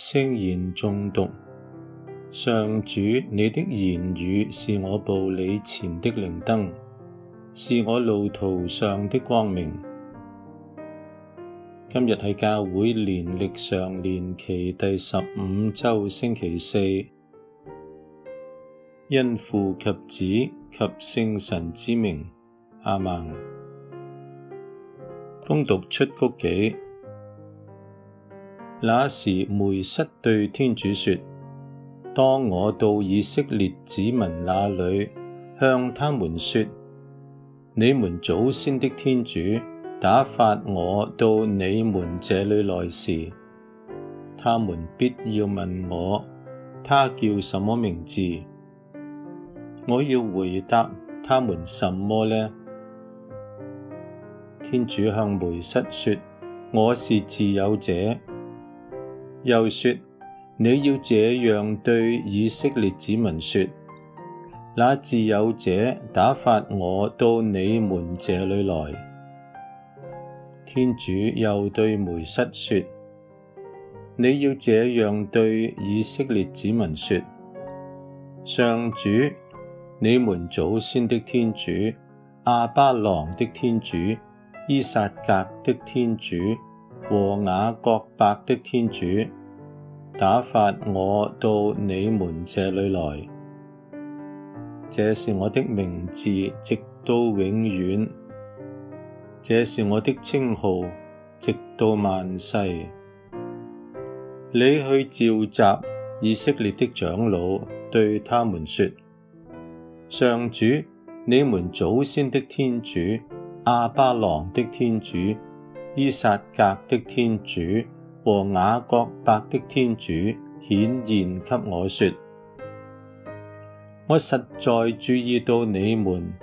聖言誦讀，上主，你的言語是我步履前的靈燈，是我路途上的光明。今日係教會年曆常年期第十五周星期四，因父及子及聖神之名，阿們。恭讀出谷紀。那時梅瑟對天主說：當我到以色列子民那裏，向他們說，你們祖先的天主打發我到你們這裏來時，他們必要問我，他叫什麼名字？我要回答他們什麼呢？天主向梅瑟說：我是自有者。又說，你要這樣對以色列子民說，那自有者打發我到你們這裏來。天主又對梅瑟說，你要這樣對以色列子民說，上主，你們祖先的天主，亞巴郎的天主，依撒格的天主。和雅各伯的天主打發我到你們這裏來，這是我的名字，直到永遠；這是我的稱號，直到萬世。你去召集以色列的長老，對他們說：上主，你們祖先的天主，亞巴郎的天主。伊撒格的天主和雅各伯的天主顯現給我說：我實在注意到你們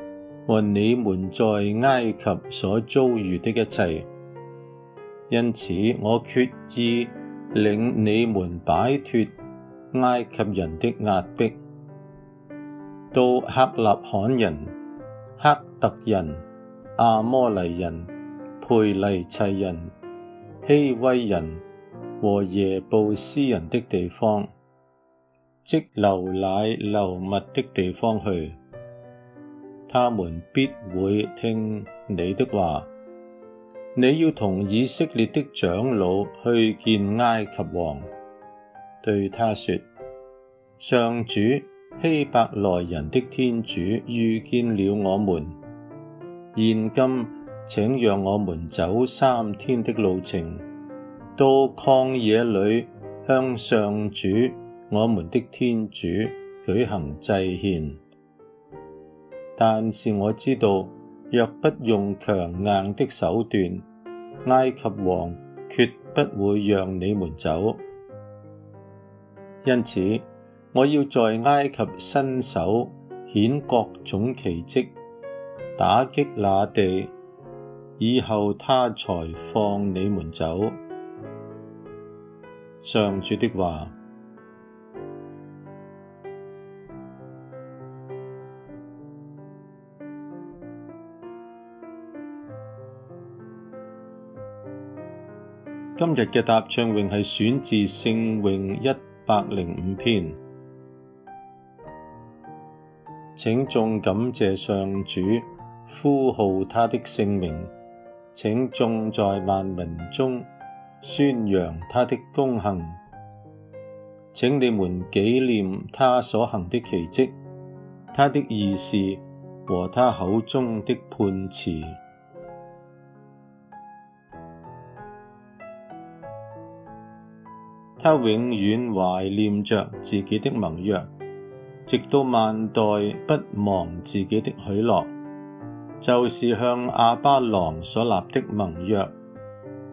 和你們在埃及所遭遇的一切，因此我決意領你們擺脫埃及人的壓迫，到客納罕人、赫特人、阿摩黎人。培黎齊人、希威人和耶步斯人的地方，即流奶流蜜的地方去，他們必會聽你的話。你要同以色列的長老去見埃及王，對他說：上主，希伯來人的天主遇見了我們，現今。請讓我們走三天的路程，到曠野裏向上主，我們的天主，舉行祭獻。但是我知道，若不用強硬的手段，埃及王決不會讓你們走。因此，我要在埃及伸手顯各種奇蹟，打擊那地。以後他才放你們走。上主的話。今日嘅答唱詠係選自聖詠一百零五篇，請眾感謝上主，呼號他的聖名。請眾在萬民中，宣揚他的功行。請你們紀念他所行的奇蹟，他的異事和他口中的判詞。他永遠懷念着自己的盟約，直到萬代不忘自己的許諾。就是向亞巴郎所立的盟約，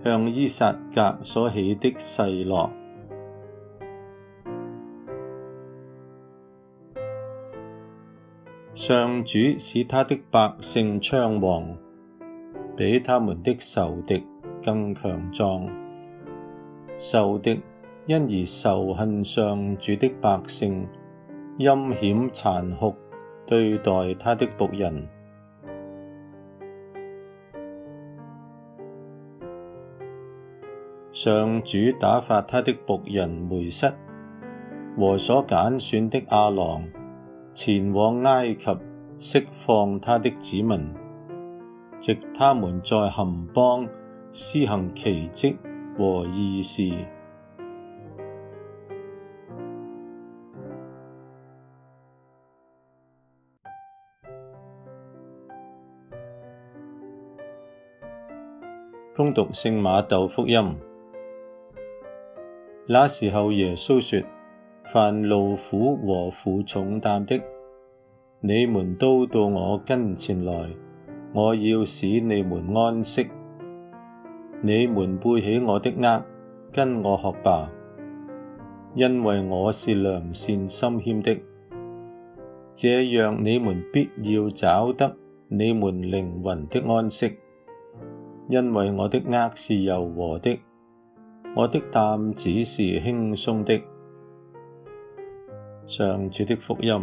向依撒格所起的誓諾。上主使他的百姓昌旺，比他們的仇敵更強壯。仇敵因而仇恨上主的百姓，陰險殘酷對待他的僕人。上主打發他的僕人梅瑟和所揀選的亞郎，前往埃及釋放他的子民，藉他們在含邦施行奇蹟和異事。恭讀聖瑪竇福音。那時候，耶穌說：凡勞苦和負重擔的，你們都到我跟前來，我要使你們安息。你們背起我的軛，跟我學吧，因為我是良善心謙的。這樣你們必要找得你們靈魂的安息，因為我的軛是柔和的。我的擔子是輕鬆的。上主的福音。